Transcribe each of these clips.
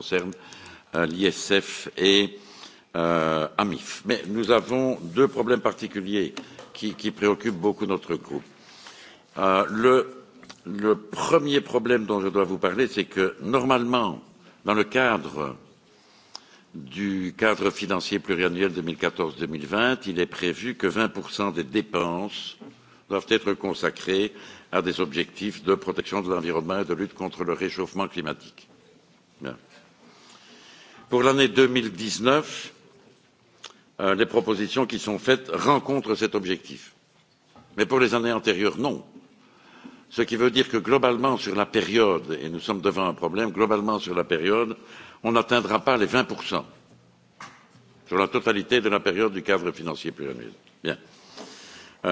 concerne euh, l'ISF et euh, AMIF. Mais nous avons deux problèmes particuliers qui, qui préoccupent beaucoup notre groupe. Euh, le, le premier problème dont je dois vous parler, c'est que normalement, dans le cadre du cadre financier pluriannuel 2014-2020, il est prévu que 20% des dépenses doivent être consacrées à des objectifs de protection de l'environnement et de lutte contre le réchauffement climatique. Bien. Pour l'année deux mille dix neuf, les propositions qui sont faites rencontrent cet objectif. Mais pour les années antérieures, non. Ce qui veut dire que globalement sur la période, et nous sommes devant un problème, globalement sur la période, on n'atteindra pas les vingt sur la totalité de la période du cadre financier pluriannuel. Bien.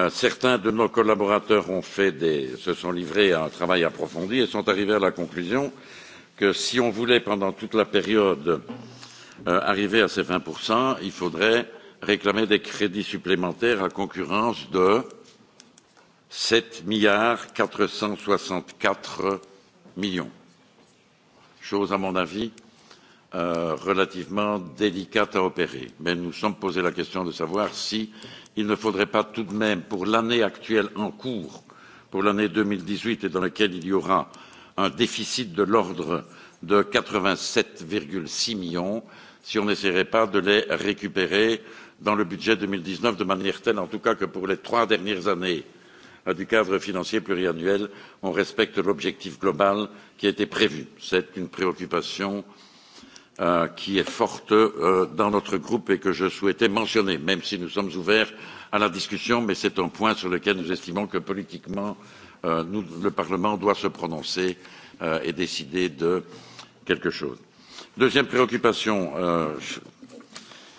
certains de nos collaborateurs ont fait des, se sont livrés à un travail approfondi et sont arrivés à la conclusion que que si on voulait, pendant toute la période, arriver à ces 20%, il faudrait réclamer des crédits supplémentaires à concurrence de 7 milliards 464 millions. Chose, à mon avis, relativement délicate à opérer. Mais nous nous sommes posés la question de savoir si il ne faudrait pas tout de même, pour l'année actuelle en cours, pour l'année 2018 et dans laquelle il y aura un déficit de l'ordre de 87,6 millions si on n'essaierait pas de les récupérer dans le budget 2019 de manière telle en tout cas que pour les trois dernières années du cadre financier pluriannuel, on respecte l'objectif global qui a été prévu. C'est une préoccupation qui est forte dans notre groupe et que je souhaitais mentionner, même si nous sommes ouverts à la discussion, mais c'est un point sur lequel nous estimons que politiquement, euh, nous, le Parlement doit se prononcer euh, et décider de quelque chose. Deuxième préoccupation, euh,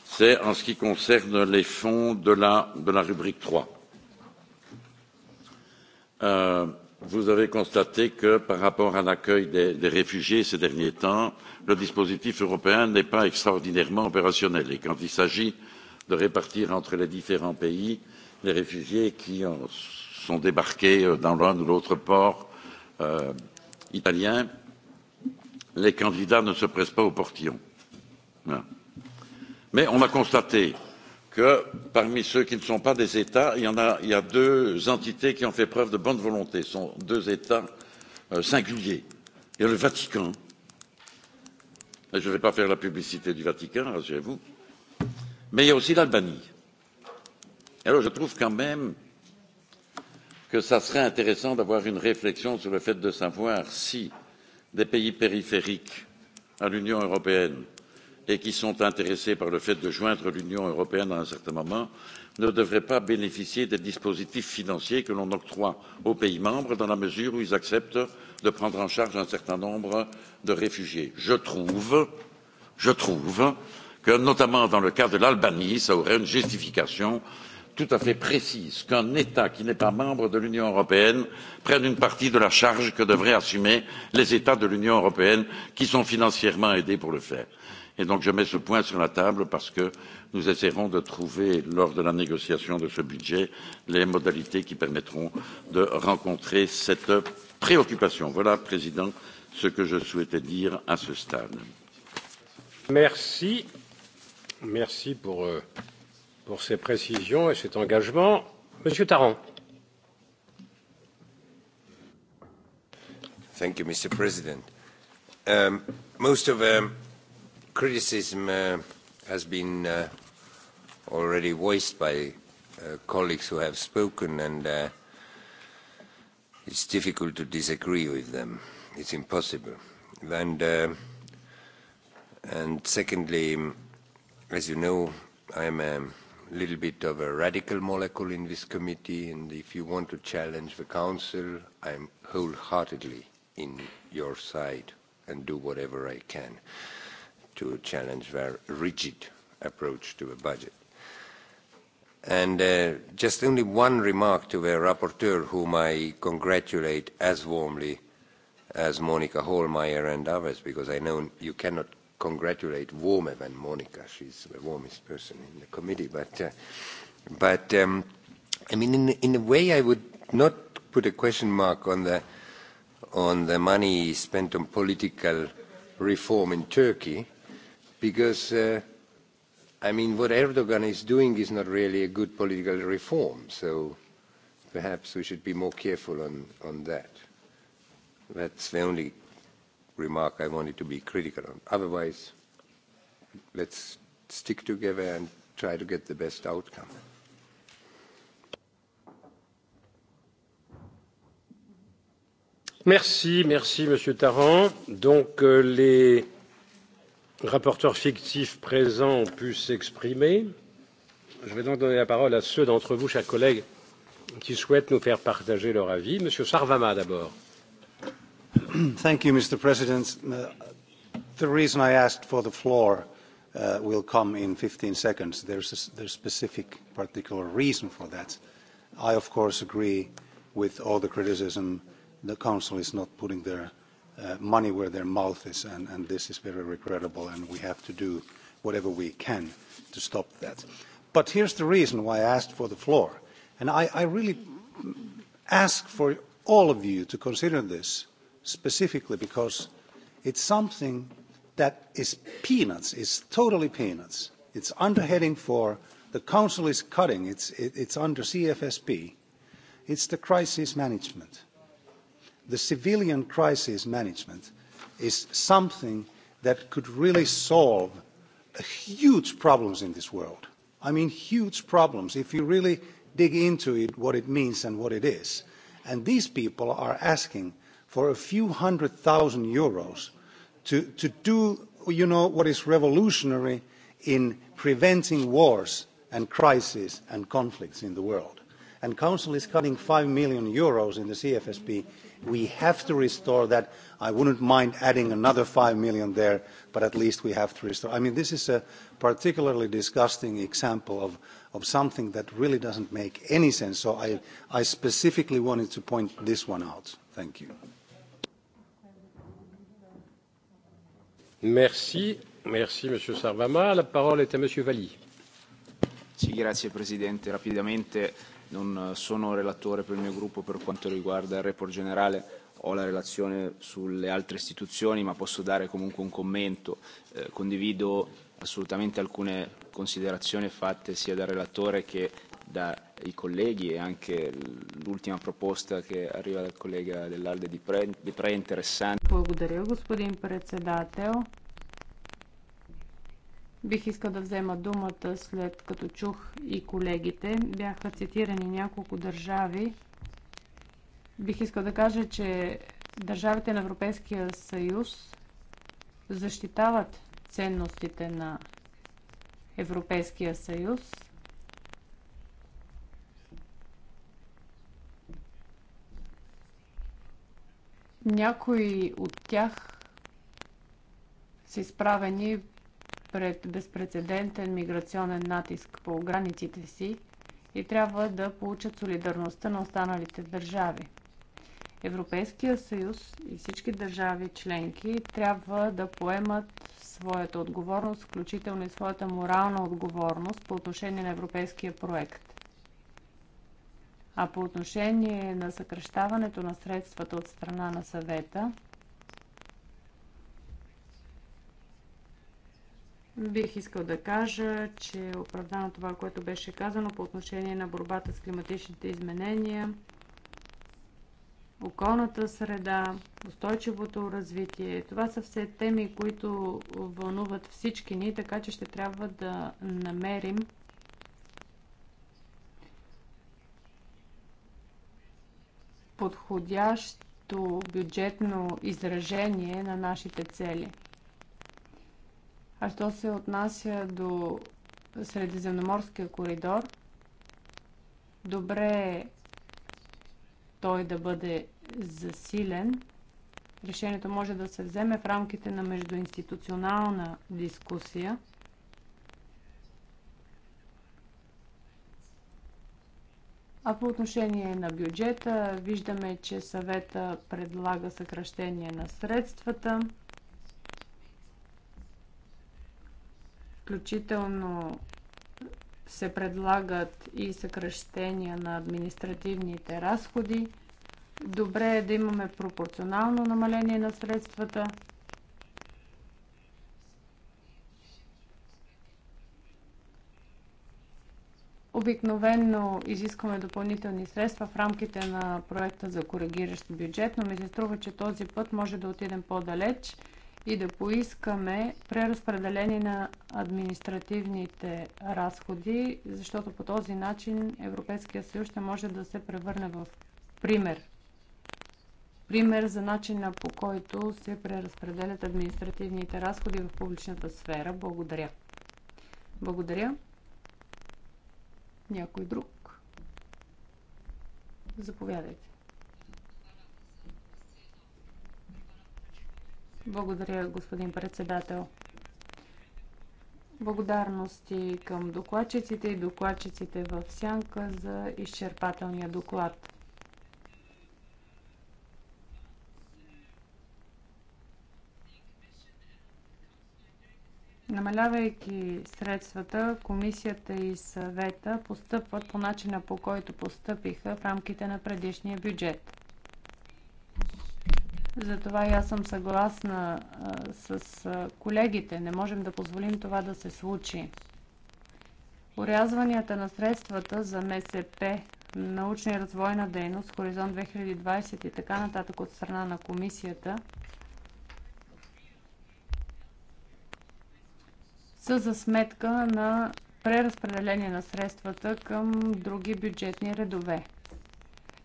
c'est en ce qui concerne les fonds de la, de la rubrique 3. Euh, vous avez constaté que par rapport à l'accueil des, des réfugiés ces derniers temps, le dispositif européen n'est pas extraordinairement opérationnel. Et quand il s'agit euh, de répartir entre les différents pays les réfugiés qui sont débarqués dans l'un ou l'autre port italien. Les candidats ne se pressent pas au portillon. Mais on a constaté que parmi ceux qui ne sont pas des États, il y, en a, il y a deux entités qui ont fait preuve de bonne volonté. Ce sont deux États euh, singuliers. Il y a le Vatican. Et je ne vais pas faire la publicité du Vatican, rassurez-vous mais il y a aussi l'Albanie. Alors je trouve quand même que ce serait intéressant d'avoir une réflexion sur le fait de savoir si des pays périphériques à l'Union européenne et qui sont intéressés par le fait de joindre l'Union européenne à un certain moment ne devraient pas bénéficier des dispositifs financiers que l'on octroie aux pays membres dans la mesure où ils acceptent de prendre en charge un certain nombre de réfugiés. Je trouve, je trouve que, notamment dans le cas de l'Albanie, ça aurait une justification tout à fait précise qu'un État qui n'est pas membre de l'Union européenne prenne une partie de la charge que devraient assumer les États de l'Union européenne qui sont financièrement aidés pour le faire. Et donc je mets ce point sur la table parce que nous essaierons de trouver, lors de la négociation de ce budget, les modalités qui permettront de rencontrer cette préoccupation. Voilà, Président, ce que je souhaitais dire à ce stade. Merci. Merci pour, pour ces précisions et cet engagement. Monsieur Tarrant. Thank you, Mr. President. Um, most of um, criticism uh, has been uh, already voiced by uh, colleagues who have spoken, and uh, it's difficult to disagree with them. It's impossible. And, uh, and secondly, As you know, I am a little bit of a radical molecule in this committee, and if you want to challenge the Council, I am wholeheartedly in your side and do whatever I can to challenge their rigid approach to the budget. And uh, just only one remark to the rapporteur, whom I congratulate as warmly as Monica Hallmeyer and others, because I know you cannot congratulate warmer than Monica. She's the warmest person in the committee. But, uh, but um, I mean, in, in a way, I would not put a question mark on the on the money spent on political reform in Turkey, because uh, I mean, what Erdogan is doing is not really a good political reform. So perhaps we should be more careful on on that. That's the only remark. I wanted to be critical on. Otherwise, let's stick together and try to get the best outcome. Merci, merci Monsieur Tarrant. Donc les rapporteurs fictifs présents ont pu s'exprimer. Je vais donc donner la parole à ceux d'entre vous, chers collègues, qui souhaitent nous faire partager leur avis. Monsieur Sarvama, d'abord. Mr. President. The reason I asked for the floor will come in fifteen seconds. There's a specific particular reason for that. I, of course, agree with all the criticism. The council is not putting their money where their mouth is, and this is very regrettable, and we have to do whatever we can to stop that. But here's the reason why I asked for the floor. And I really ask for all of you to consider this specifically because it's something that is peanuts, is totally peanuts. It's under heading for the council is cutting, it's, it, it's under CFSP. It's the crisis management. The civilian crisis management is something that could really solve huge problems in this world. I mean, huge problems if you really dig into it, what it means and what it is. And these people are asking for a few hundred thousand euros to, to do, you know, what is revolutionary in preventing wars and crises and conflicts in the world. And Council is cutting 5 million euros in the CFSP. We have to restore that. I wouldn't mind adding another 5 million there, but at least we have to restore. I mean, this is a particularly disgusting example of, of something that really doesn't make any sense. So I, I specifically wanted to point this one out. Thank you. Merci, merci Monsieur La parola è a Monsieur Valli. grazie Presidente. Rapidamente non sono relatore per il mio gruppo per quanto riguarda il report generale, ho la relazione sulle altre istituzioni, ma posso dare comunque un commento. condivido assolutamente alcune considerazioni fatte sia dal relatore che dai colleghi e anche l'ultima proposta che arriva dal collega dell'Alde di Pre, è interessante. Благодаря, господин председател. Бих искал да взема думата след като чух и колегите. Бяха цитирани няколко държави. Бих искал да кажа, че държавите на Европейския съюз защитават ценностите на Европейския съюз Някои от тях са изправени пред безпредседентен миграционен натиск по границите си и трябва да получат солидарността на останалите държави. Европейския съюз и всички държави членки трябва да поемат своята отговорност, включително и своята морална отговорност по отношение на европейския проект. А по отношение на съкръщаването на средствата от страна на съвета, Бих искал да кажа, че е оправдано това, което беше казано по отношение на борбата с климатичните изменения, околната среда, устойчивото развитие. Това са все теми, които вълнуват всички ни, така че ще трябва да намерим подходящо бюджетно изражение на нашите цели. А що се отнася до Средиземноморския коридор, добре е той да бъде засилен. Решението може да се вземе в рамките на междуинституционална дискусия – А по отношение на бюджета, виждаме, че съвета предлага съкръщение на средствата, включително се предлагат и съкръщения на административните разходи. Добре е да имаме пропорционално намаление на средствата, Обикновенно изискваме допълнителни средства в рамките на проекта за коригиращ бюджет, но ми се струва, че този път може да отидем по-далеч и да поискаме преразпределение на административните разходи, защото по този начин Европейския съюз ще може да се превърне в пример. Пример за начина по който се преразпределят административните разходи в публичната сфера. Благодаря. Благодаря. Някой друг? Заповядайте. Благодаря, господин председател. Благодарности към докладчиците и докладчиците в сянка за изчерпателния доклад. Намалявайки средствата, комисията и съвета постъпват по начина по който постъпиха в рамките на предишния бюджет. Затова и аз съм съгласна а, с а, колегите. Не можем да позволим това да се случи. Урязванията на средствата за МСП, научна и развойна дейност, Хоризонт 2020 и така нататък от страна на комисията – са за сметка на преразпределение на средствата към други бюджетни редове.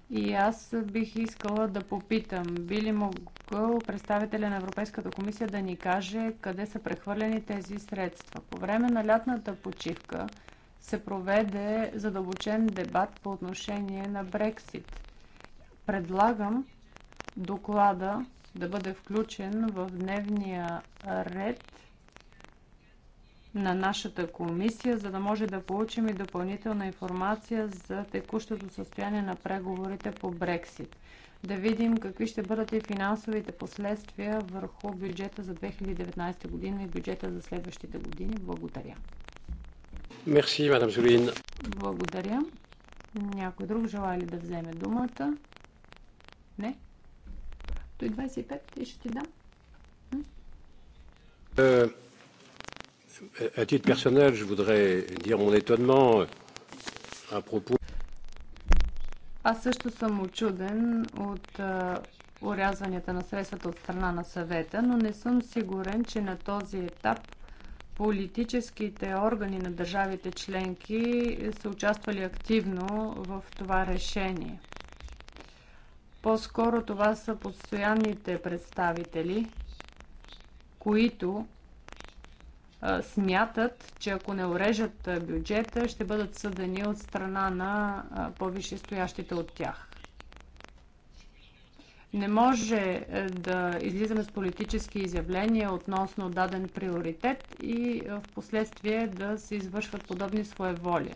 И аз бих искала да попитам, би ли могъл представителя на Европейската комисия да ни каже къде са прехвърлени тези средства? По време на лятната почивка се проведе задълбочен дебат по отношение на Брексит. Предлагам доклада да бъде включен в дневния ред на нашата комисия, за да може да получим и допълнителна информация за текущото състояние на преговорите по Брексит. Да видим какви ще бъдат и финансовите последствия върху бюджета за 2019 година и бюджета за следващите години. Благодаря. Мерси, мадам Солин. Благодаря. Някой друг желая ли да вземе думата? Не? Той 25 и ще ти дам à titre personnel, je voudrais dire mon étonnement à propos. Аз също съм очуден от урязванията на средствата от страна на съвета, но не съм сигурен, че на този етап политическите органи на държавите членки са участвали активно в това решение. По-скоро това са постоянните представители, които смятат, че ако не урежат бюджета, ще бъдат съдени от страна на по стоящите от тях. Не може да излизаме с политически изявления относно даден приоритет и в последствие да се извършват подобни своеволи.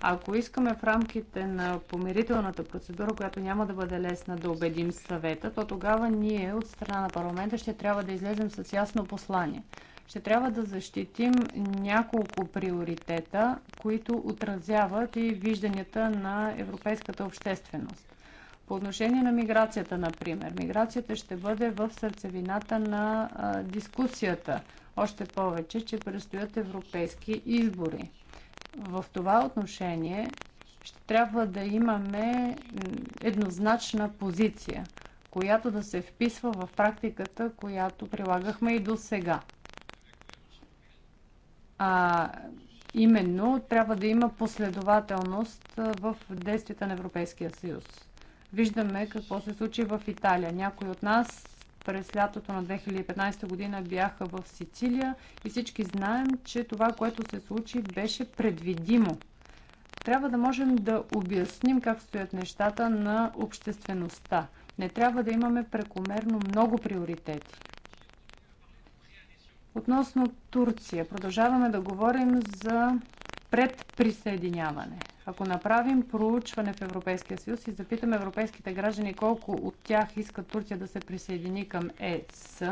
Ако искаме в рамките на помирителната процедура, която няма да бъде лесна да убедим съвета, то тогава ние от страна на парламента ще трябва да излезем с ясно послание – ще трябва да защитим няколко приоритета, които отразяват и вижданията на европейската общественост. По отношение на миграцията, например, миграцията ще бъде в сърцевината на а, дискусията, още повече, че предстоят европейски избори. В това отношение ще трябва да имаме еднозначна позиция, която да се вписва в практиката, която прилагахме и до сега. А именно трябва да има последователност в действията на Европейския съюз. Виждаме какво се случи в Италия. Някои от нас през лятото на 2015 година бяха в Сицилия и всички знаем, че това, което се случи, беше предвидимо. Трябва да можем да обясним как стоят нещата на обществеността. Не трябва да имаме прекомерно много приоритети. Относно Турция, продължаваме да говорим за предприсъединяване. Ако направим проучване в Европейския съюз и запитаме европейските граждани колко от тях искат Турция да се присъедини към ЕС,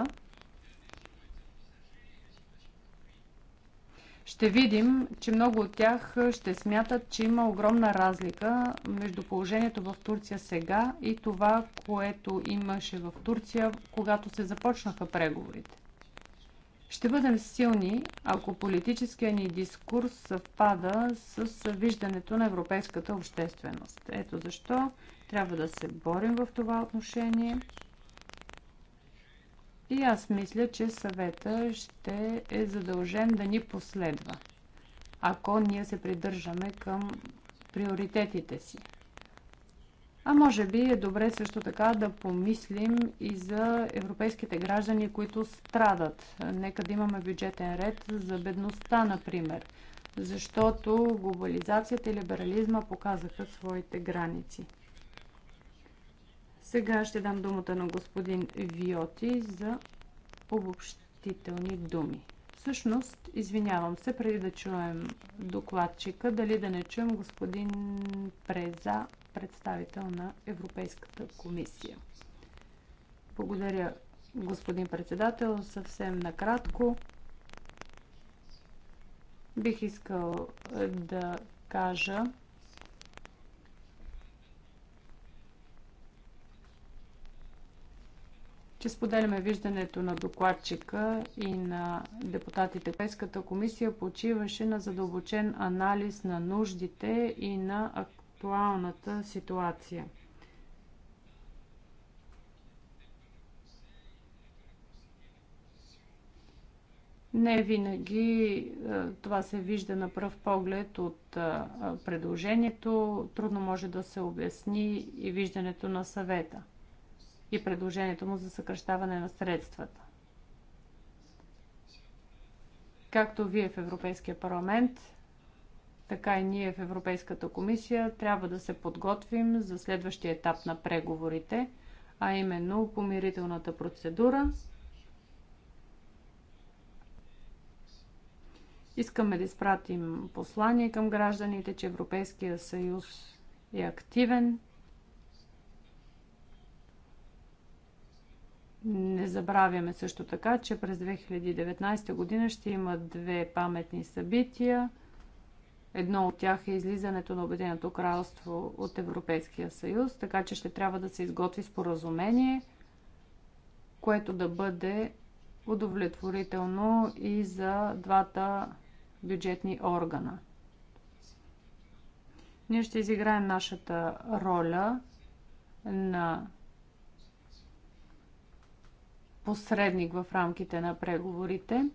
ще видим, че много от тях ще смятат, че има огромна разлика между положението в Турция сега и това, което имаше в Турция, когато се започнаха преговорите. Ще бъдем силни, ако политическия ни дискурс съвпада с виждането на европейската общественост. Ето защо трябва да се борим в това отношение. И аз мисля, че съвета ще е задължен да ни последва, ако ние се придържаме към приоритетите си. А може би е добре също така да помислим и за европейските граждани, които страдат. Нека да имаме бюджетен ред за бедността, например. Защото глобализацията и либерализма показаха своите граници. Сега ще дам думата на господин Виоти за обобщителни думи. Всъщност, извинявам се, преди да чуем докладчика, дали да не чуем господин Преза представител на Европейската комисия. Благодаря, господин председател. Съвсем накратко бих искал е, да кажа, че споделяме виждането на докладчика и на депутатите. Европейската комисия почиваше на задълбочен анализ на нуждите и на актуалността актуалната ситуация. Не винаги това се вижда на пръв поглед от предложението. Трудно може да се обясни и виждането на съвета и предложението му за съкръщаване на средствата. Както вие в Европейския парламент, така и ние в Европейската комисия трябва да се подготвим за следващия етап на преговорите, а именно помирителната процедура. Искаме да изпратим послание към гражданите, че Европейския съюз е активен. Не забравяме също така, че през 2019 година ще има две паметни събития – Едно от тях е излизането на Обединеното кралство от Европейския съюз, така че ще трябва да се изготви споразумение, което да бъде удовлетворително и за двата бюджетни органа. Ние ще изиграем нашата роля на посредник в рамките на преговорите.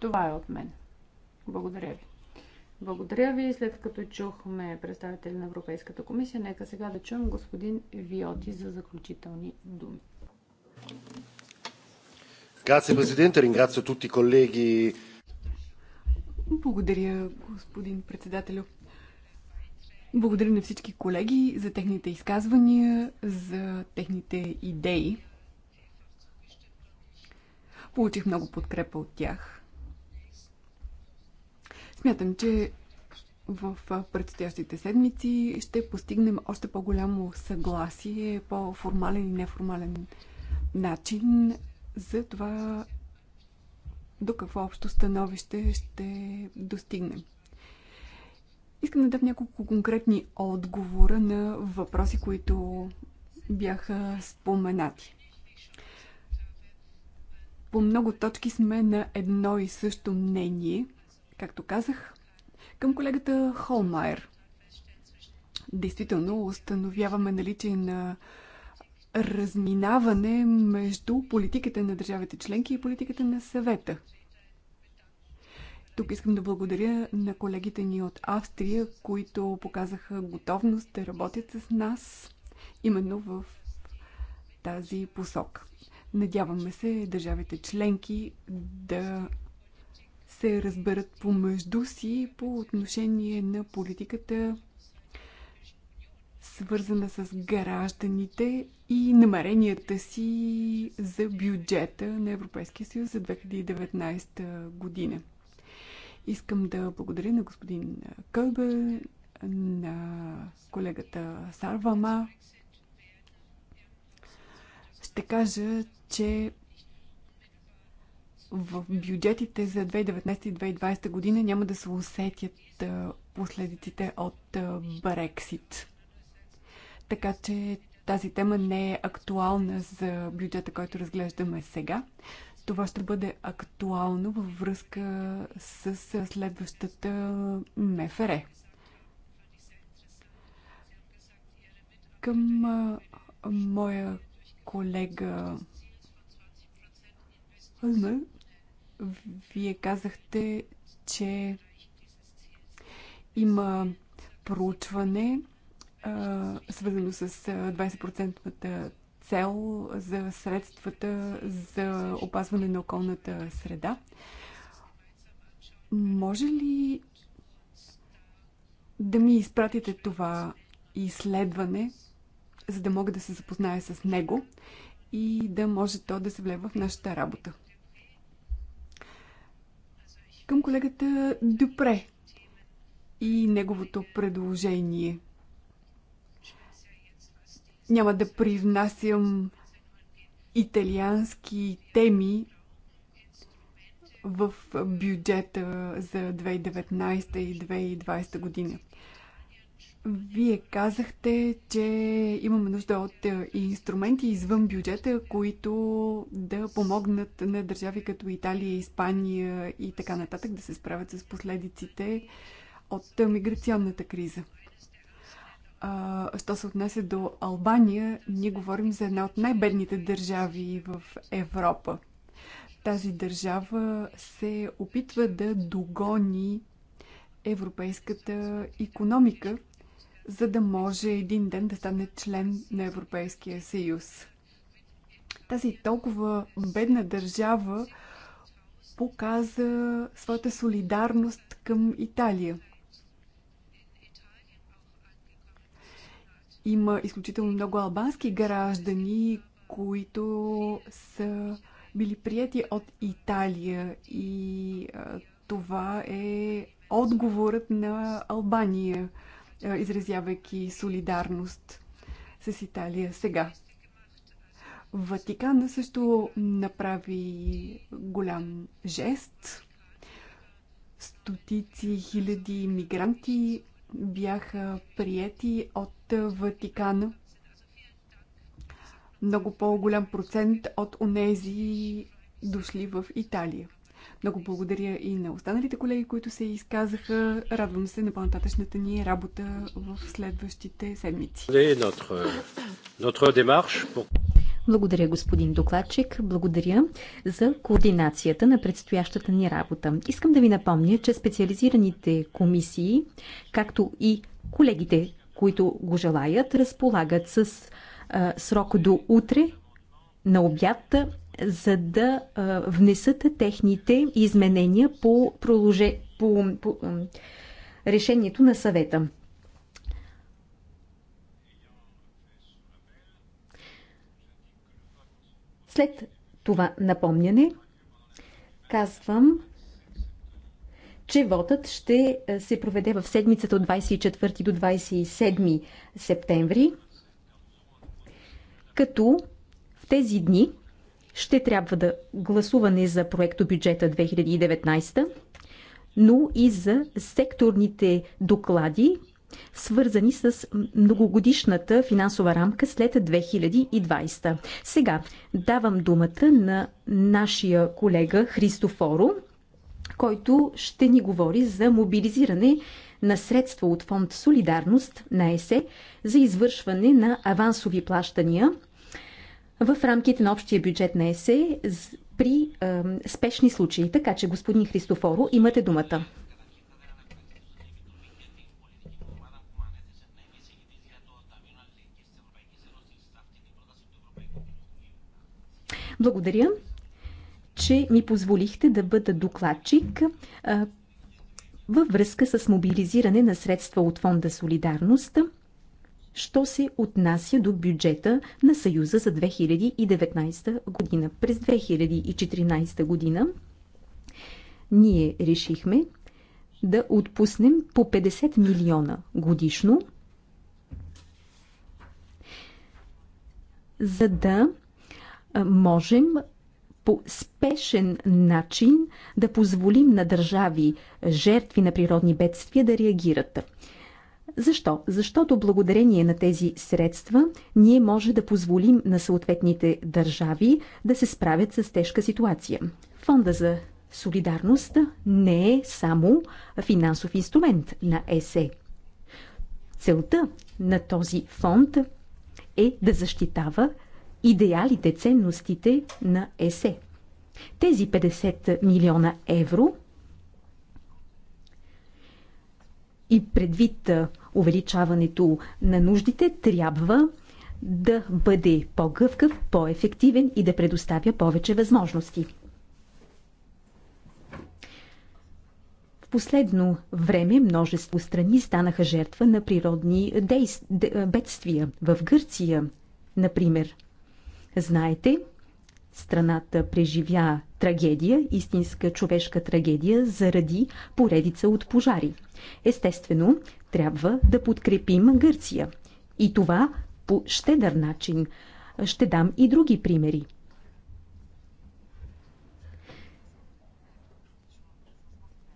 Това е от мен. Благодаря ви. Благодаря ви. След като чухме представители на Европейската комисия, нека сега да чуем господин Виоти за заключителни думи. Grazie Presidente, ringrazio tutti i colleghi. Благодаря, господин председателю. Благодаря на всички колеги за техните изказвания, за техните идеи. Получих много подкрепа от тях. Смятам, че в предстоящите седмици ще постигнем още по-голямо съгласие, по-формален и неформален начин за това до какво общо становище ще достигнем. Искам да дам няколко конкретни отговора на въпроси, които бяха споменати. По много точки сме на едно и също мнение – Както казах, към колегата Холмайер. Действително установяваме наличие на разминаване между политиката на държавите членки и политиката на съвета. Тук искам да благодаря на колегите ни от Австрия, които показаха готовност да работят с нас именно в тази посок. Надяваме се държавите членки да се разберат помежду си по отношение на политиката, свързана с гражданите и намеренията си за бюджета на Европейския съюз за 2019 година. Искам да благодаря на господин Кълбе, на колегата Сарвама. Ще кажа, че в бюджетите за 2019 и 2020 година няма да се усетят последиците от Брексит. Така че тази тема не е актуална за бюджета, който разглеждаме сега. Това ще бъде актуално във връзка с следващата МФР. Към моя колега вие казахте, че има проучване, свързано с 20 цел за средствата за опазване на околната среда. Може ли да ми изпратите това изследване, за да мога да се запозная с него и да може то да се влезе в нашата работа? към колегата Дюпре и неговото предложение. Няма да привнасям италиански теми в бюджета за 2019 и 2020 година. Вие казахте, че имаме нужда от е, инструменти извън бюджета, които да помогнат на държави като Италия, Испания и така нататък да се справят с последиците от е, миграционната криза. А, що се отнася до Албания, ние говорим за една от най-бедните държави в Европа. Тази държава се опитва да догони европейската економика за да може един ден да стане член на Европейския съюз. Тази толкова бедна държава показа своята солидарност към Италия. Има изключително много албански граждани, които са били прияти от Италия и а, това е отговорът на Албания изразявайки солидарност с Италия сега. Ватикана също направи голям жест. Стотици хиляди мигранти бяха приети от Ватикана. Много по-голям процент от онези дошли в Италия. Много благодаря и на останалите колеги, които се изказаха. Радвам се на по-нататъчната ни работа в следващите седмици. Благодаря, господин докладчик. Благодаря за координацията на предстоящата ни работа. Искам да ви напомня, че специализираните комисии, както и колегите, които го желаят, разполагат с а, срок до утре на обяд за да внесат техните изменения по, проложе, по, по решението на съвета. След това напомняне казвам, че водът ще се проведе в седмицата от 24 до 27 септември, като в тези дни ще трябва да гласуване за проекто бюджета 2019, но и за секторните доклади, свързани с многогодишната финансова рамка след 2020. Сега давам думата на нашия колега Христофоро, който ще ни говори за мобилизиране на средства от фонд Солидарност на ЕСЕ за извършване на авансови плащания – в рамките на общия бюджет на ЕСЕ при е, спешни случаи. Така че, господин Христофоро, имате думата. Благодаря, че ми позволихте да бъда докладчик във връзка с мобилизиране на средства от Фонда Солидарност що се отнася до бюджета на Съюза за 2019 година. През 2014 година ние решихме да отпуснем по 50 милиона годишно, за да можем по спешен начин да позволим на държави жертви на природни бедствия да реагират. Защо? Защото благодарение на тези средства ние може да позволим на съответните държави да се справят с тежка ситуация. Фонда за солидарност не е само финансов инструмент на ЕСЕ. Целта на този фонд е да защитава идеалите, ценностите на ЕСЕ. Тези 50 милиона евро – и предвид увеличаването на нуждите, трябва да бъде по-гъвкав, по-ефективен и да предоставя повече възможности. В последно време множество страни станаха жертва на природни действ... бедствия. В Гърция, например. Знаете, Страната преживя трагедия, истинска човешка трагедия, заради поредица от пожари. Естествено, трябва да подкрепим Гърция. И това по щедър начин. Ще дам и други примери.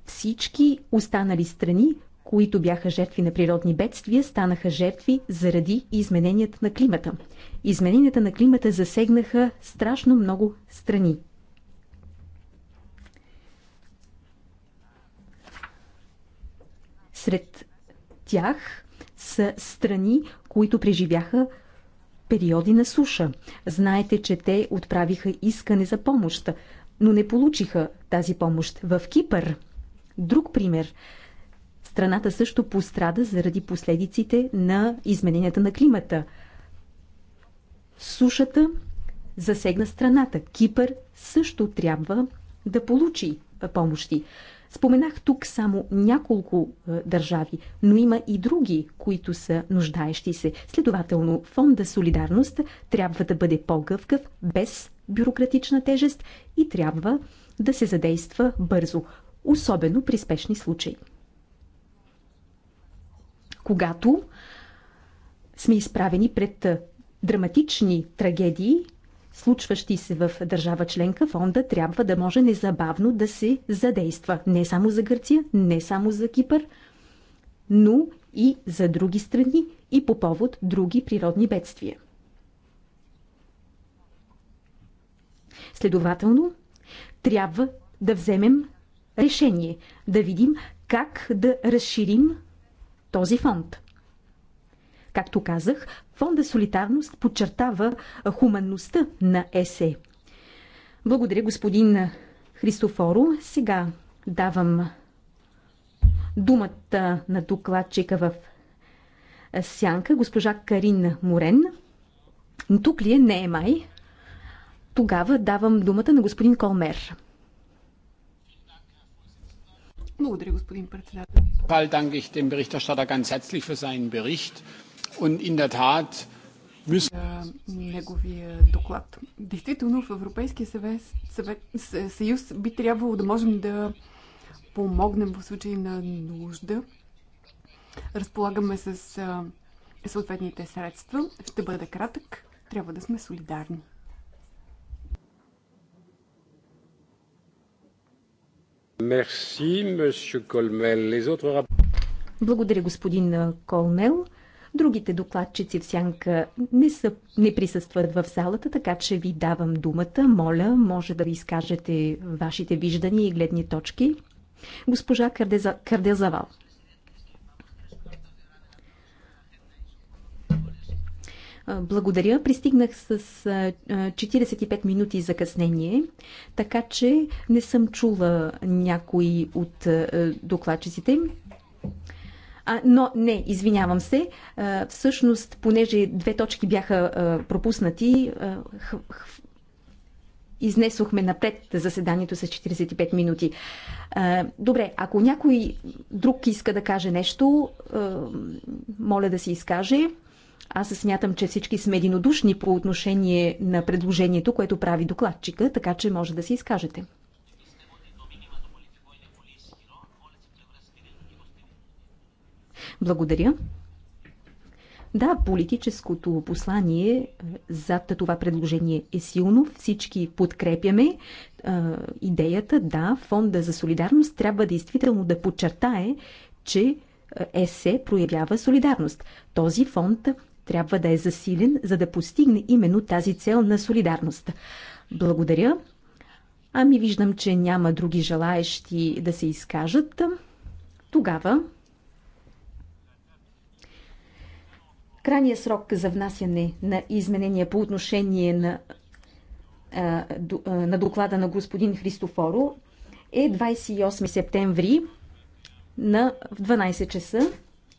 Всички останали страни които бяха жертви на природни бедствия, станаха жертви заради измененията на климата. Измененията на климата засегнаха страшно много страни. Сред тях са страни, които преживяха периоди на суша. Знаете, че те отправиха искане за помощ, но не получиха тази помощ. В Кипър, друг пример – страната също пострада заради последиците на измененията на климата. Сушата засегна страната. Кипър също трябва да получи помощи. Споменах тук само няколко държави, но има и други, които са нуждаещи се. Следователно, фонда Солидарност трябва да бъде по-гъвкав, без бюрократична тежест и трябва да се задейства бързо, особено при спешни случаи когато сме изправени пред драматични трагедии, случващи се в държава членка, фонда трябва да може незабавно да се задейства. Не само за Гърция, не само за Кипър, но и за други страни и по повод други природни бедствия. Следователно, трябва да вземем решение, да видим как да разширим този фонд. Както казах, фонда Солитарност подчертава хуманността на ЕСЕ. Благодаря, господин Христофоро. Сега давам думата на докладчика в сянка, госпожа Карин Морен. Тук ли е? Не е май. Тогава давам думата на господин Колмер. Благодаря, господин председател. Fall danke ich dem Berichterstatter ganz herzlich für seinen Bericht. Und in der Tat müssen... Неговия доклад. Действително в Европейския съвет, съюз би трябвало да можем да помогнем в случай на нужда. Разполагаме с съответните средства. Ще бъде кратък. Трябва да сме солидарни. Благодаря, господин Колмел. Другите докладчици в сянка не, са, не присъстват в залата, така че ви давам думата. Моля, може да ви изкажете вашите виждания и гледни точки. Госпожа Кардезавал. Благодаря. Пристигнах с 45 минути закъснение, така че не съм чула някои от докладчиците. А, но не, извинявам се. А, всъщност, понеже две точки бяха а, пропуснати, а, х, х, изнесохме напред заседанието с 45 минути. А, добре, ако някой друг иска да каже нещо, а, моля да се изкаже. Аз смятам, че всички сме единодушни по отношение на предложението, което прави докладчика, така че може да се изкажете. Благодаря. Да, политическото послание е, зад това предложение е силно. Всички подкрепяме а, е, идеята. Да, Фонда за солидарност трябва действително да подчертае, че ЕСЕ проявява солидарност. Този фонд трябва да е засилен, за да постигне именно тази цел на солидарност. Благодаря. Ами виждам, че няма други желаещи да се изкажат. Тогава крайният срок за внасяне на изменения по отношение на, на доклада на господин Христофоро е 28 септември на 12 часа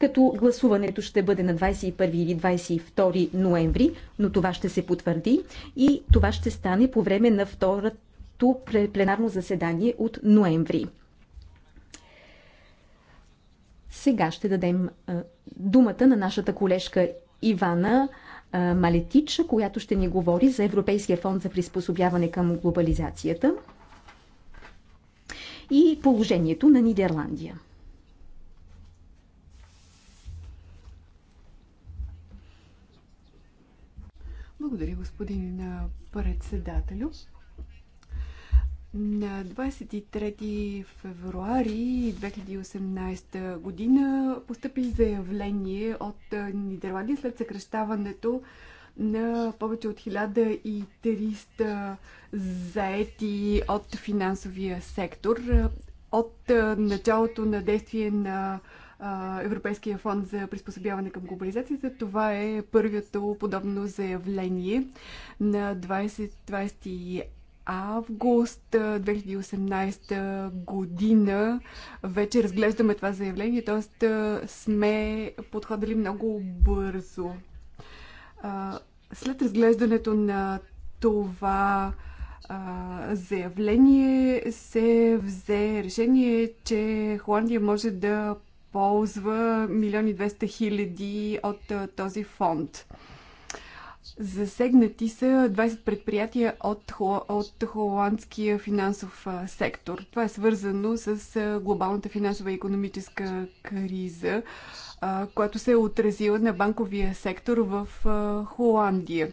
като гласуването ще бъде на 21 или 22 ноември, но това ще се потвърди и това ще стане по време на второто пленарно заседание от ноември. Сега ще дадем думата на нашата колежка Ивана Малетича, която ще ни говори за Европейския фонд за приспособяване към глобализацията и положението на Нидерландия. Благодаря, господин председателю. На 23 февруари 2018 година поступи заявление от Нидерландия след съкръщаването на повече от 1300 заети от финансовия сектор от началото на действие на Европейския фонд за приспособяване към глобализацията. Това е първото подобно заявление на 20, 20 август 2018 година вече разглеждаме това заявление, т.е. сме подходили много бързо. След разглеждането на това заявление се взе решение, че Холандия може да ползва милиони 200 хиляди от този фонд. Засегнати са 20 предприятия от, от холандския финансов сектор. Това е свързано с глобалната финансова и економическа криза, която се е отразила на банковия сектор в Холандия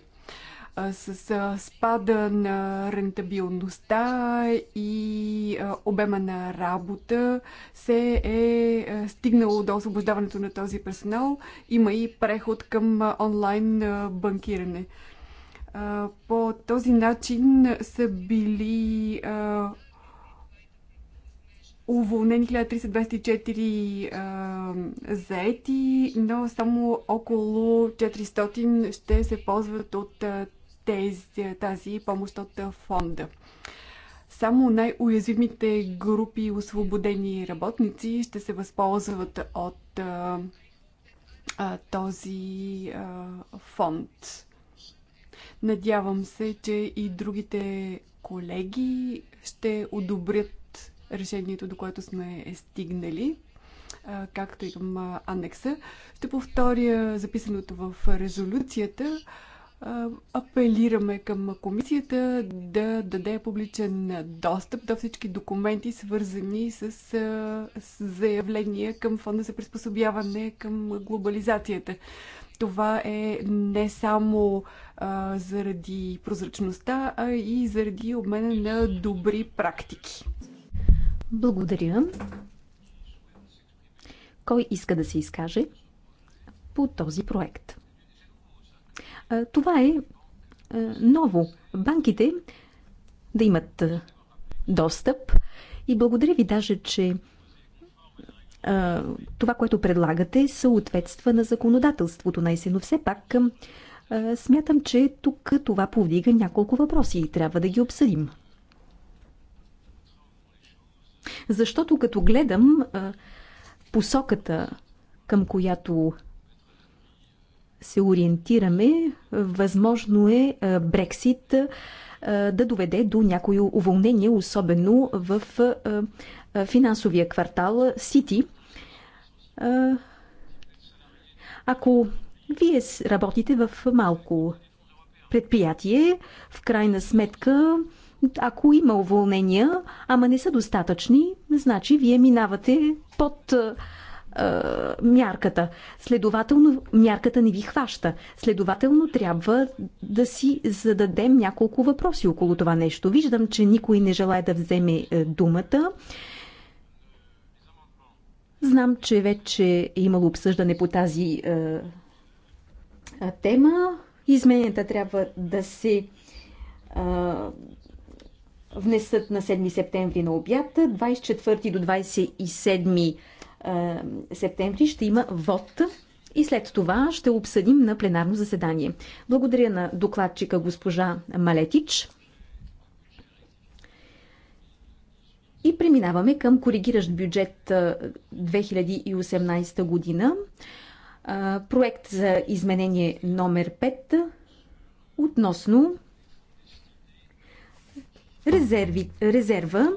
с спада на рентабилността и обема на работа се е стигнало до освобождаването на този персонал. Има и преход към онлайн банкиране. По този начин са били уволнени 1324 заети, но само около 400 ще се ползват от тези, тази помощ от фонда. Само най-уязвимите групи освободени работници ще се възползват от а, а, този а, фонд. Надявам се, че и другите колеги ще одобрят решението, до което сме е стигнали, както и към анекса. Ще повторя записаното в резолюцията апелираме към комисията да даде публичен достъп до всички документи, свързани с, с заявления към фонда за приспособяване към глобализацията. Това е не само а, заради прозрачността, а и заради обмена на добри практики. Благодаря. Кой иска да се изкаже по този проект? Това е ново. Банките да имат достъп и благодаря ви даже, че това, което предлагате, съответства на законодателството на есено. Все пак смятам, че тук това повдига няколко въпроси и трябва да ги обсъдим. Защото като гледам посоката, към която се ориентираме, възможно е Брексит да доведе до някои уволнение, особено в финансовия квартал Сити. Ако вие работите в малко предприятие, в крайна сметка, ако има уволнения, ама не са достатъчни, значи вие минавате под мярката. Следователно, мярката не ви хваща. Следователно, трябва да си зададем няколко въпроси около това нещо. Виждам, че никой не желая да вземе е, думата. Знам, че вече е имало обсъждане по тази е, е тема. Измененията трябва да се е, внесат на 7 септември на обяд, 24 до 27 е, септември ще има вод и след това ще обсъдим на пленарно заседание. Благодаря на докладчика госпожа Малетич. И преминаваме към коригиращ бюджет 2018 е, година. Е, проект за изменение номер 5 относно резерви, резерва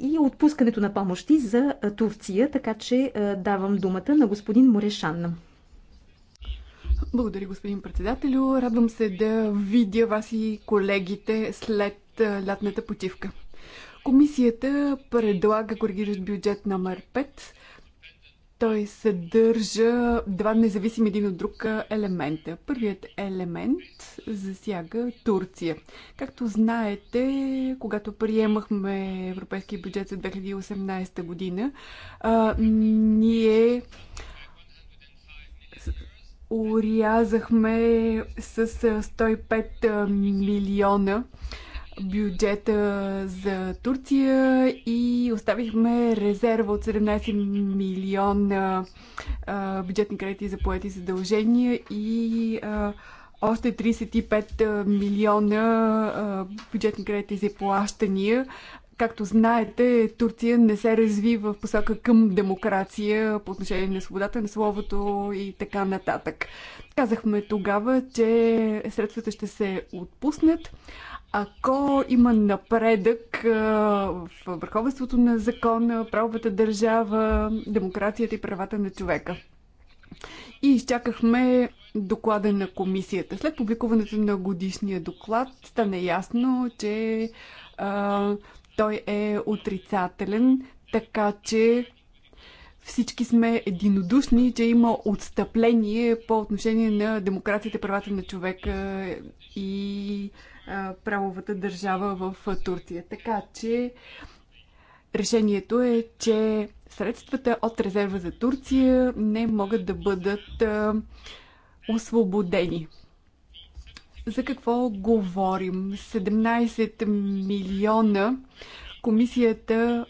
и отпускането на помощи за Турция, така че давам думата на господин Морешан. Благодаря, господин председателю. Радвам се да видя вас и колегите след лятната почивка. Комисията предлага коригиращ бюджет номер 5 той съдържа два независими един от друг елемента. Първият елемент засяга Турция. Както знаете, когато приемахме европейския бюджет за 2018 година, а, ние урязахме с 105 милиона бюджета за Турция и оставихме резерва от 17 милиона бюджетни кредити за поети задължения и още 35 милиона бюджетни кредити за плащания. Както знаете, Турция не се развива в посока към демокрация по отношение на свободата на словото и така нататък. Казахме тогава, че средствата ще се отпуснат. Ако има напредък в върховенството на закона, правовата държава, демокрацията и правата на човека. И изчакахме доклада на комисията. След публикуването на годишния доклад стана ясно, че а, той е отрицателен, така че всички сме единодушни, че има отстъпление по отношение на демокрацията, правата на човека и правовата държава в Турция. Така че решението е, че средствата от резерва за Турция не могат да бъдат освободени. За какво говорим? 17 милиона комисията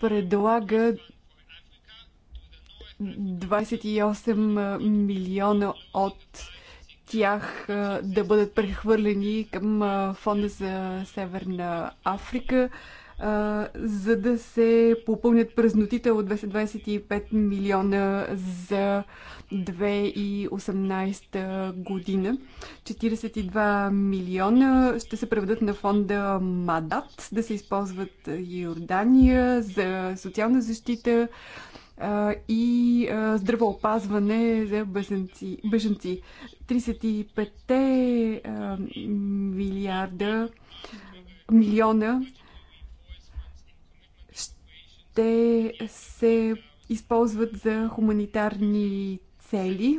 предлага 28 милиона от тях да бъдат прехвърлени към Фонда за Северна Африка, за да се попълнят празнотите от 225 милиона за 2018 година. 42 милиона ще се преведат на фонда МАДАТ, да се използват Йордания за социална защита, и здравеопазване за бежанци. 35 милиарда милиона ще се използват за хуманитарни цели.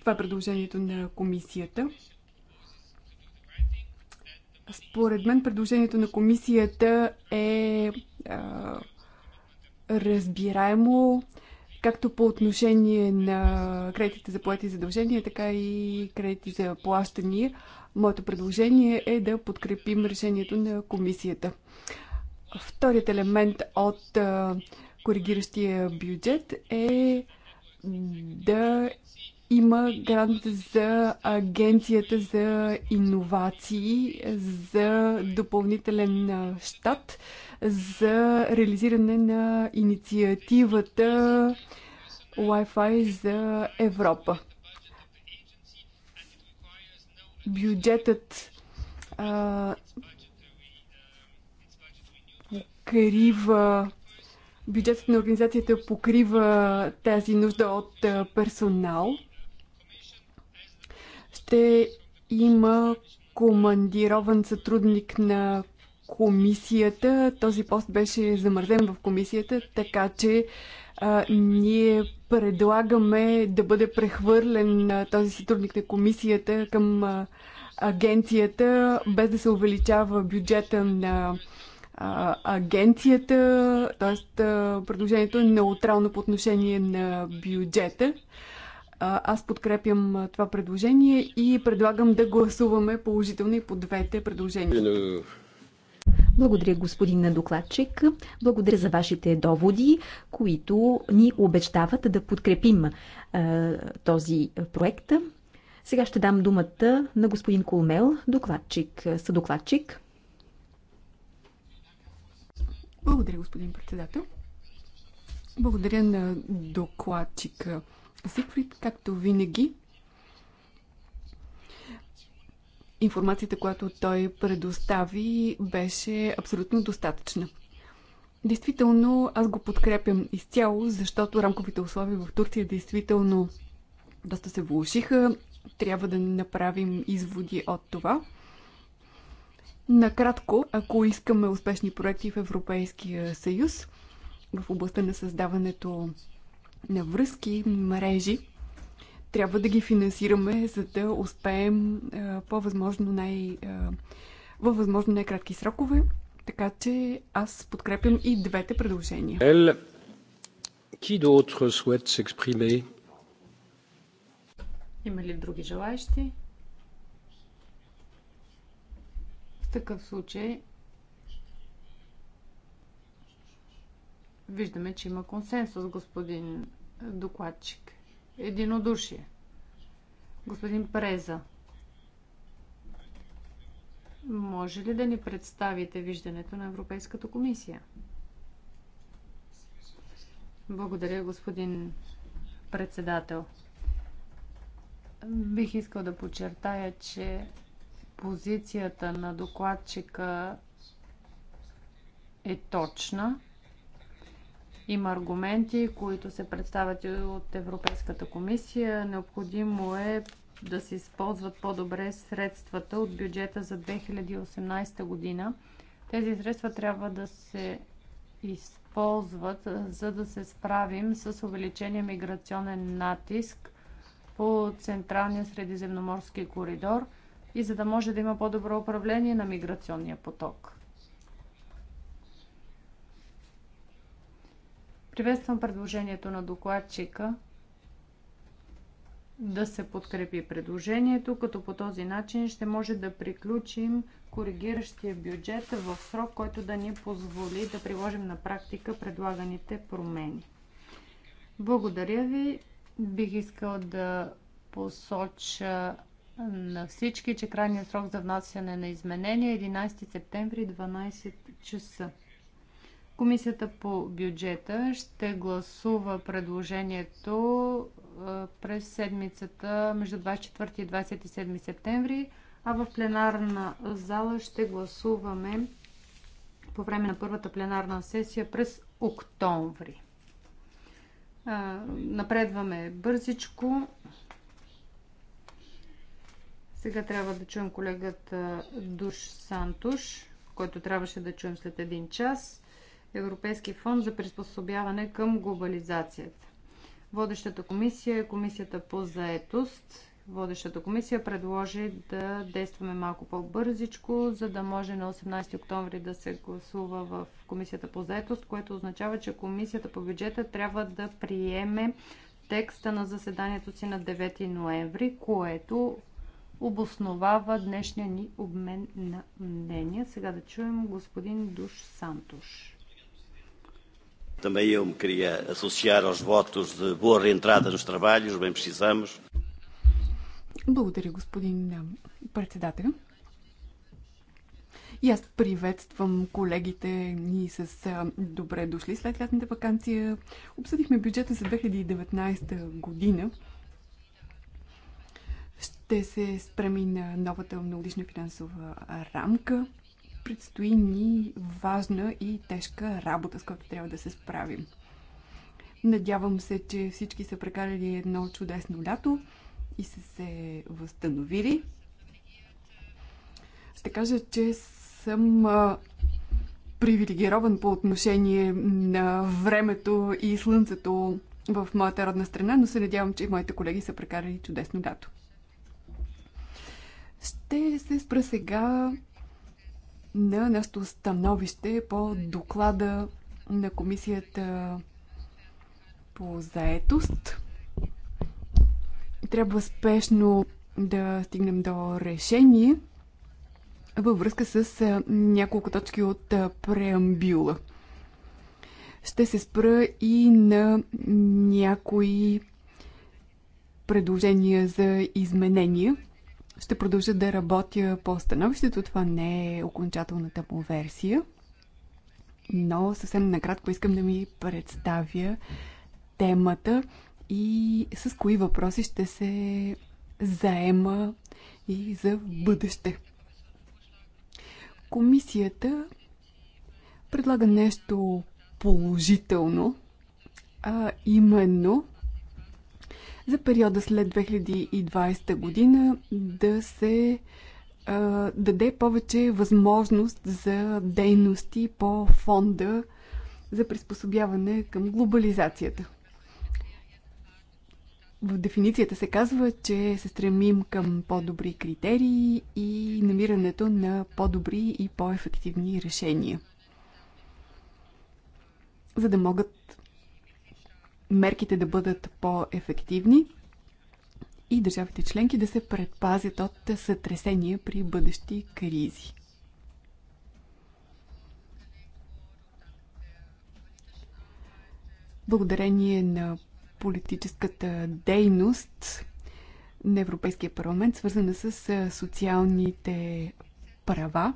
Това е предложението на комисията. Според мен предложението на комисията е а, разбираемо както по отношение на кредитите за поети задължения, така и кредити за плащания. Моето предложение е да подкрепим решението на комисията. Вторият елемент от а, коригиращия бюджет е да има грант за Агенцията за иновации, за допълнителен щат, за реализиране на инициативата Wi-Fi за Европа. Бюджетът а, покрива бюджетът на организацията покрива тази нужда от персонал ще има командирован сътрудник на комисията. Този пост беше замързен в комисията, така че а, ние предлагаме да бъде прехвърлен а, този сътрудник на комисията към а, агенцията, без да се увеличава бюджета на а, агенцията, т.е. предложението е неутрално по отношение на бюджета. Аз подкрепям това предложение и предлагам да гласуваме положително и по двете предложения. Благодаря, господин докладчик. Благодаря за вашите доводи, които ни обещават да подкрепим е, този проект. Сега ще дам думата на господин Колмел, докладчик, съдокладчик. Благодаря, господин председател. Благодаря на докладчика Зигфрид, както винаги. Информацията, която той предостави, беше абсолютно достатъчна. Действително, аз го подкрепям изцяло, защото рамковите условия в Турция действително доста се влушиха. Трябва да направим изводи от това. Накратко, ако искаме успешни проекти в Европейския съюз в областта на създаването на връзки, мрежи, трябва да ги финансираме, за да успеем по възможно най, във възможно най-кратки срокове. Така че аз подкрепям и двете предложения. Ел, qui d'autre Има ли други желаящи? В такъв случай виждаме, че има консенсус, господин докладчик. Единодушие. Господин Преза, може ли да ни представите виждането на Европейската комисия? Благодаря, господин председател. Бих искал да подчертая, че позицията на докладчика е точна има аргументи, които се представят и от Европейската комисия. Необходимо е да се използват по-добре средствата от бюджета за 2018 година. Тези средства трябва да се използват, за да се справим с увеличения миграционен натиск по Централния средиземноморски коридор и за да може да има по-добро управление на миграционния поток. Приветствам предложението на докладчика да се подкрепи предложението, като по този начин ще може да приключим коригиращия бюджет в срок, който да ни позволи да приложим на практика предлаганите промени. Благодаря ви. Бих искал да посоча на всички, че крайният срок за внасяне на изменения е 11 септември 12 часа. Комисията по бюджета ще гласува предложението през седмицата между 24 и 27 септември, а в пленарна зала ще гласуваме по време на първата пленарна сесия през октомври. Напредваме бързичко. Сега трябва да чуем колегата Душ Сантуш, който трябваше да чуем след един час. Европейски фонд за приспособяване към глобализацията. Водещата комисия е комисията по заетост. Водещата комисия предложи да действаме малко по-бързичко, за да може на 18 октомври да се гласува в комисията по заетост, което означава, че комисията по бюджета трябва да приеме текста на заседанието си на 9 ноември, което обосновава днешния ни обмен на мнения. Сега да чуем господин Душ Сантуш. Também eu me queria associar aos votos de boa reentrada nos trabalhos, bem precisamos. Благодаря, господин председател. И аз приветствам колегите ни с добре дошли след лятната вакансия. Обсъдихме бюджета за 2019 година. Ще се спреми на новата многодишна финансова рамка предстои ни важна и тежка работа, с която трябва да се справим. Надявам се, че всички са прекарали едно чудесно лято и са се възстановили. Ще кажа, че съм привилегирован по отношение на времето и слънцето в моята родна страна, но се надявам, че и моите колеги са прекарали чудесно лято. Ще се спра сега на нашето становище по доклада на комисията по заетост. Трябва спешно да стигнем до решение във връзка с няколко точки от преамбюла. Ще се спра и на някои предложения за изменения. Ще продължа да работя по становището. Това не е окончателната му версия. Но съвсем накратко искам да ми представя темата и с кои въпроси ще се заема и за бъдеще. Комисията предлага нещо положително, а именно за периода след 2020 година да се а, даде повече възможност за дейности по фонда за приспособяване към глобализацията. В дефиницията се казва, че се стремим към по-добри критерии и намирането на по-добри и по-ефективни решения, за да могат мерките да бъдат по-ефективни и държавите членки да се предпазят от сътресения при бъдещи кризи. Благодарение на политическата дейност на Европейския парламент, свързана с социалните права,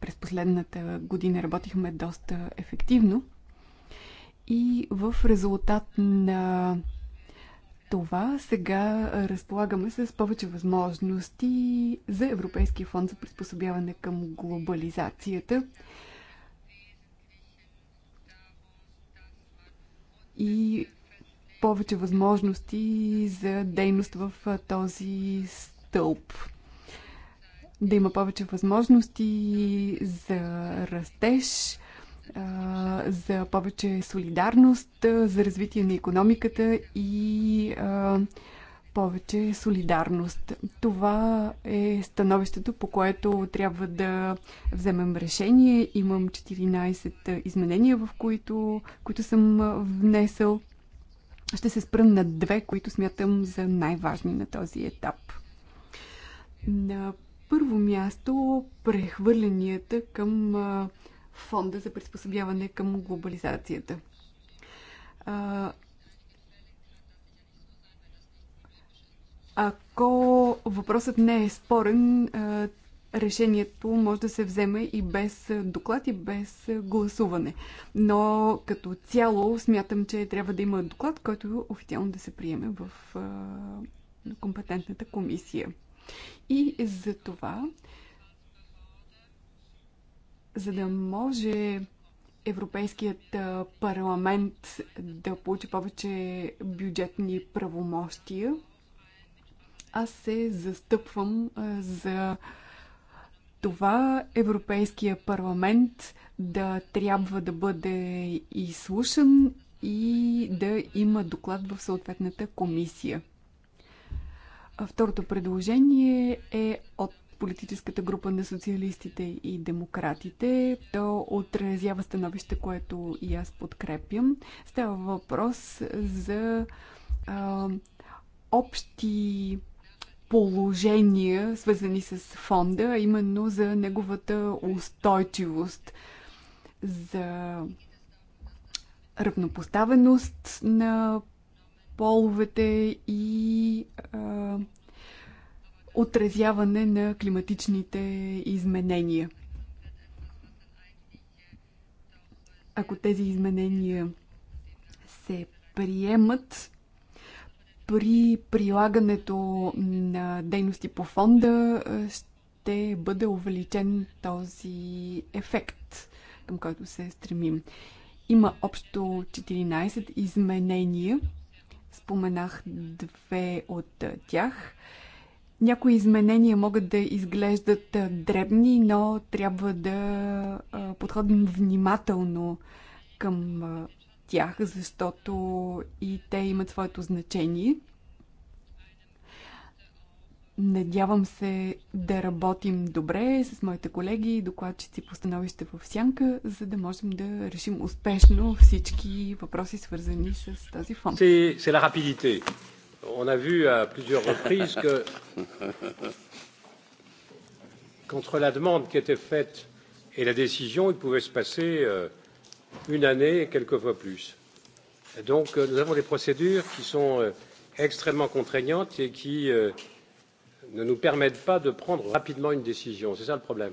през последната година работихме доста ефективно – и в резултат на това сега разполагаме с повече възможности за Европейския фонд за приспособяване към глобализацията. И повече възможности за дейност в този стълб. Да има повече възможности за растеж, за повече солидарност, за развитие на економиката и повече солидарност. Това е становището, по което трябва да вземем решение. Имам 14 изменения, в които, които съм внесъл. Ще се спра на две, които смятам за най-важни на този етап. На първо място прехвърлянията към фонда за приспособяване към глобализацията. Ако въпросът не е спорен, решението може да се вземе и без доклад, и без гласуване. Но като цяло смятам, че трябва да има доклад, който официално да се приеме в компетентната комисия. И за това за да може Европейският парламент да получи повече бюджетни правомощия, аз се застъпвам за това Европейския парламент да трябва да бъде изслушан и да има доклад в съответната комисия. Второто предложение е от политическата група на социалистите и демократите. То отразява становище, което и аз подкрепям. Става въпрос за а, общи положения, свързани с фонда, именно за неговата устойчивост, за равнопоставеност на половете и а, отразяване на климатичните изменения. Ако тези изменения се приемат, при прилагането на дейности по фонда ще бъде увеличен този ефект, към който се стремим. Има общо 14 изменения. Споменах две от тях. Някои изменения могат да изглеждат дребни, но трябва да подходим внимателно към тях, защото и те имат своето значение. Надявам се да работим добре с моите колеги и докладчици по становище в Сянка, за да можем да решим успешно всички въпроси, свързани с този фонд. C'est la rapidité on a vu à plusieurs reprises que contre la demande qui était faite et la décision, il pouvait se passer une année et quelquefois plus. Donc nous avons des procédures qui sont extrêmement contraignantes et qui ne nous permettent pas de prendre rapidement une décision. C'est ça le problème.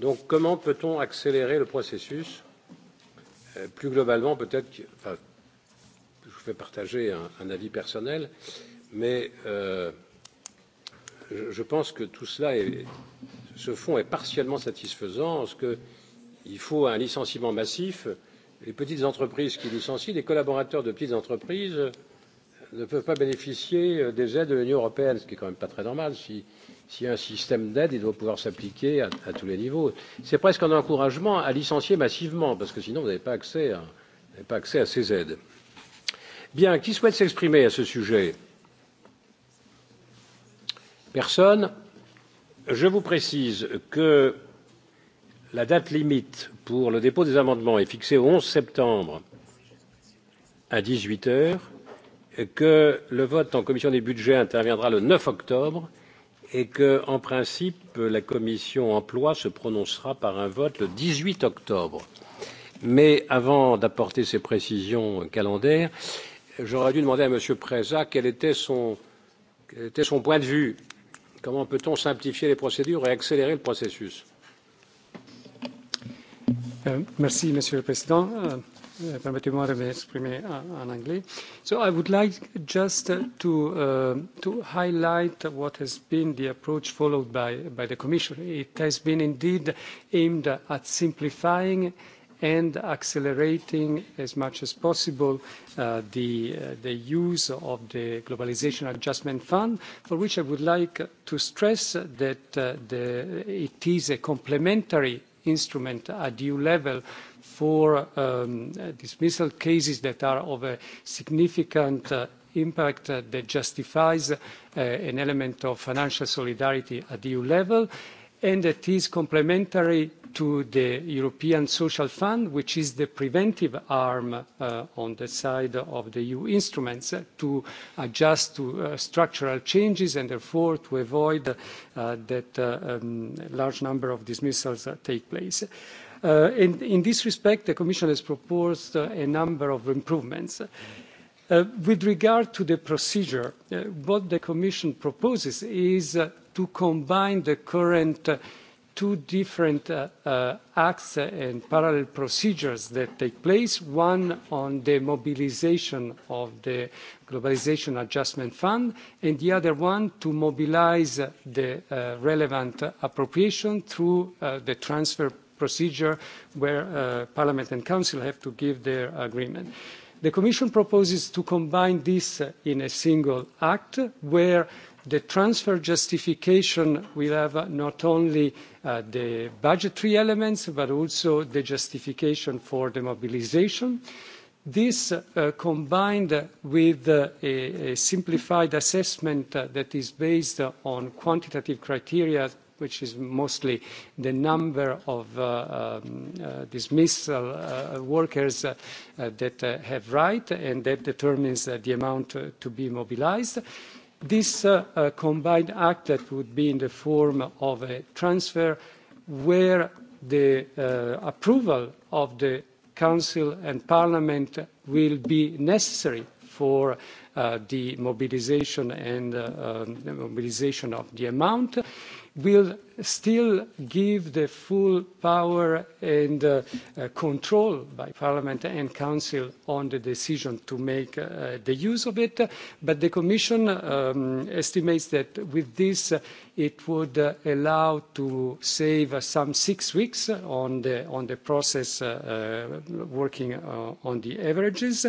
Donc comment peut-on accélérer le processus Plus globalement, peut-être, enfin pouvez partager un, un avis personnel, mais euh, je, je pense que tout cela est, ce fonds est partiellement satisfaisant parce qu'il faut un licenciement massif. Les petites entreprises qui licencient, les collaborateurs de petites entreprises ne peuvent pas bénéficier des aides de l'Union européenne, ce qui est quand même pas très normal. Si, s'il y a un système d'aide, il doit pouvoir s'appliquer à, à tous les niveaux. C'est presque un encouragement à licencier massivement, parce que sinon vous n'avez pas accès à, pas accès à ces aides. Bien, qui souhaite s'exprimer à ce sujet Personne. Je vous précise que la date limite pour le dépôt des amendements est fixée au onze septembre à dix huit heures, que le vote en commission des budgets interviendra le neuf octobre et que, en principe, la commission emploi se prononcera par un vote le dix huit octobre. Mais avant d'apporter ces précisions calendaires, J'aurais dû demander à M. Preza quel était son, quel était son point de vue. Comment peut-on simplifier les procédures et accélérer le processus Merci, Monsieur le Président. Permettez-moi de m'exprimer en anglais. So I would like just to to highlight what has been the approach followed by by the Commission. It has been indeed aimed at simplifying and accelerating as much as possible the use of the Globalization Adjustment Fund, for which I would like to stress that it is a complementary instrument at EU level for dismissal cases that are of a significant impact that justifies an element of financial solidarity at EU level and it is complementary to the European Social Fund, which is the preventive arm on the side of the EU instruments to adjust to structural changes and therefore to avoid that large number of dismissals take place. In this respect, the Commission has proposed a number of improvements. With regard to the procedure, what the Commission proposes is to combine the current two different acts and parallel procedures that take place, one on the mobilisation of the Globalisation Adjustment Fund, and the other one to mobilise the relevant appropriation through the transfer procedure where Parliament and Council have to give their agreement. The Commission proposes to combine this in a single act where The transfer justification will have not only the budgetary elements, but also the justification for the mobilization. This, combined with a simplified assessment that is based on quantitative criteria, which is mostly the number of dismissal workers that have right, and that determines the amount to be mobilized, This combined act that would be in the form of a transfer where the approval of the Council and Parliament will be necessary for the mobilization and mobilization of the amount will still give the full power and control by Parliament and Council on the decision to make the use of it. But the Commission estimates that with this, it would allow to save some six weeks on the process working on the averages.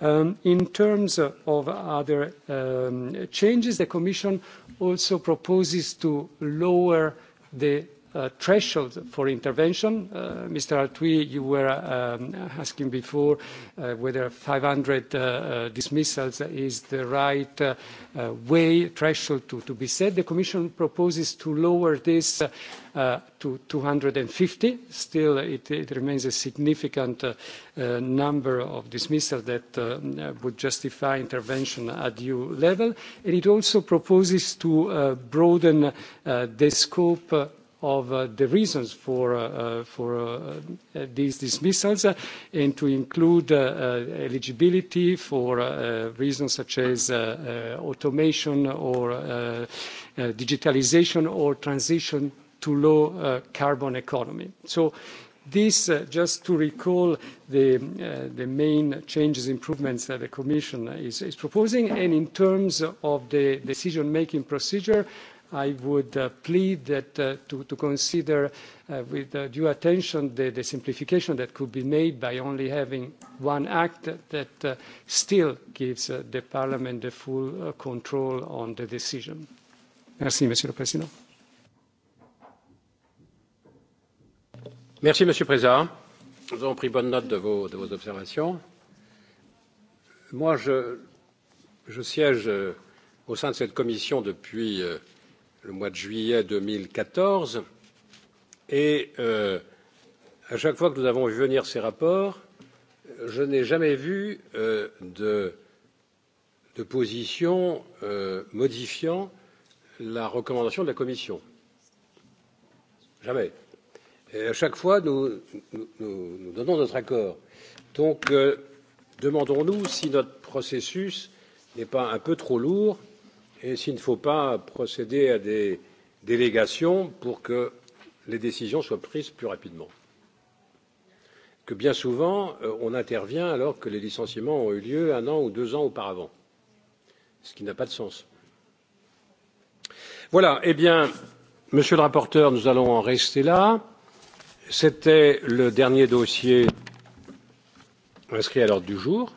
In terms of other changes, the Commission also proposes to lower the threshold for intervention. Mr. Artui, you were asking before whether 500 dismissals is the right way threshold to be set. The Commission proposes to lower this to 250. Still, it remains a significant number of dismissals that would justify intervention at EU level. and It also proposes to broaden the scope of the reasons for these dismissals and to include eligibility for reasons such as automation or digitalisation or transition to low carbon economy. So This, just to recall the main changes, improvements that the Commission is proposing. and In terms of the decision-making procedure, I would plead that to consider with due attention the simplification that could be made by only having one act that still gives the parliament the full control on the decision. Merci, Monsieur le Président. Merci, Monsieur le Président. Nous avons pris bonne note de vos, observations. Moi, je, siège au sein de cette commission depuis le mois de juillet deux mille quatorze et à chaque fois que nous avons vu venir ces rapports, je n'ai jamais vu de, position modifiant la recommandation de la Commission. Jamais. Et à chaque fois, nous, donnons notre accord. Donc, demandons-nous si notre processus n'est pas un peu trop lourd et s'il ne faut pas procéder à des délégations pour que les décisions soient prises plus rapidement. Que bien souvent, on intervient alors que les licenciements ont eu lieu un an ou deux ans auparavant, ce qui n'a pas de sens. Voilà, eh bien, monsieur le rapporteur, nous allons en rester là. C'était le dernier dossier inscrit à l'ordre du jour.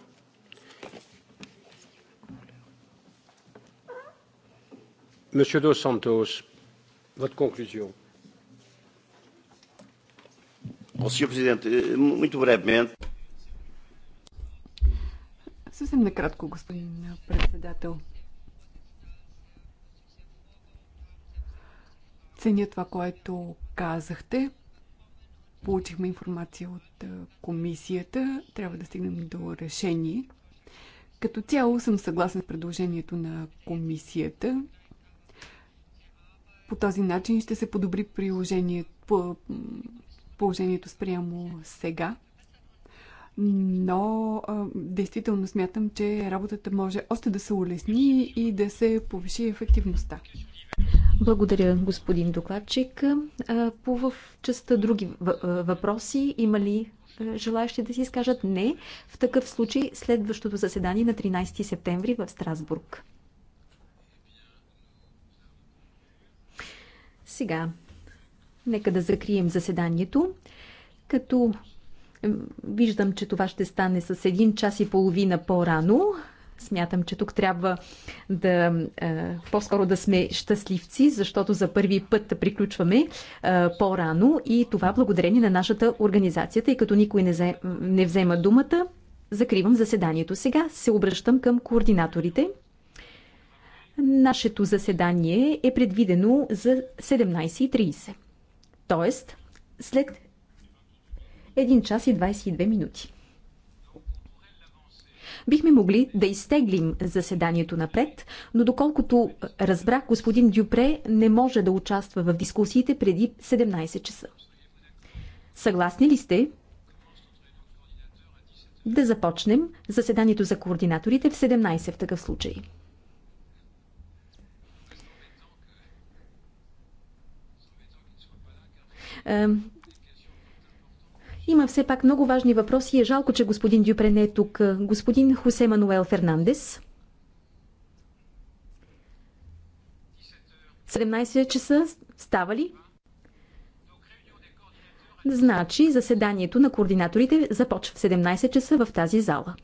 Monsieur Dos Santos, votre conclusion. Senhor Presidente, muito brevemente. Съвсем накратко, господин председател. Ценя това, което казахте. Получихме информация от комисията. Трябва да стигнем до решение. Като цяло съм съгласна с предложението на комисията. По този начин ще се подобри приложение, по, положението спрямо сега. Но а, действително смятам, че работата може още да се улесни и да се повиши ефективността. Благодаря, господин докладчик. По в частта други въпроси има ли желаящи да си изкажат? Не. В такъв случай следващото заседание на 13 септември в Страсбург. Сега, нека да закрием заседанието, като виждам, че това ще стане с един час и половина по-рано. Смятам, че тук трябва да по-скоро да сме щастливци, защото за първи път приключваме по-рано и това благодарение на нашата организация, тъй като никой не взема думата. Закривам заседанието. Сега се обръщам към координаторите. Нашето заседание е предвидено за 17.30. Тоест, след 1 час и 22 минути. Бихме могли да изтеглим заседанието напред, но доколкото разбрах, господин Дюпре не може да участва в дискусиите преди 17 часа. Съгласни ли сте да започнем заседанието за координаторите в 17 в такъв случай? Има все пак много важни въпроси и е жалко, че господин Дюпре не е тук. Господин Хосе Мануел Фернандес. 17 часа става ли? Значи заседанието на координаторите започва в 17 часа в тази зала.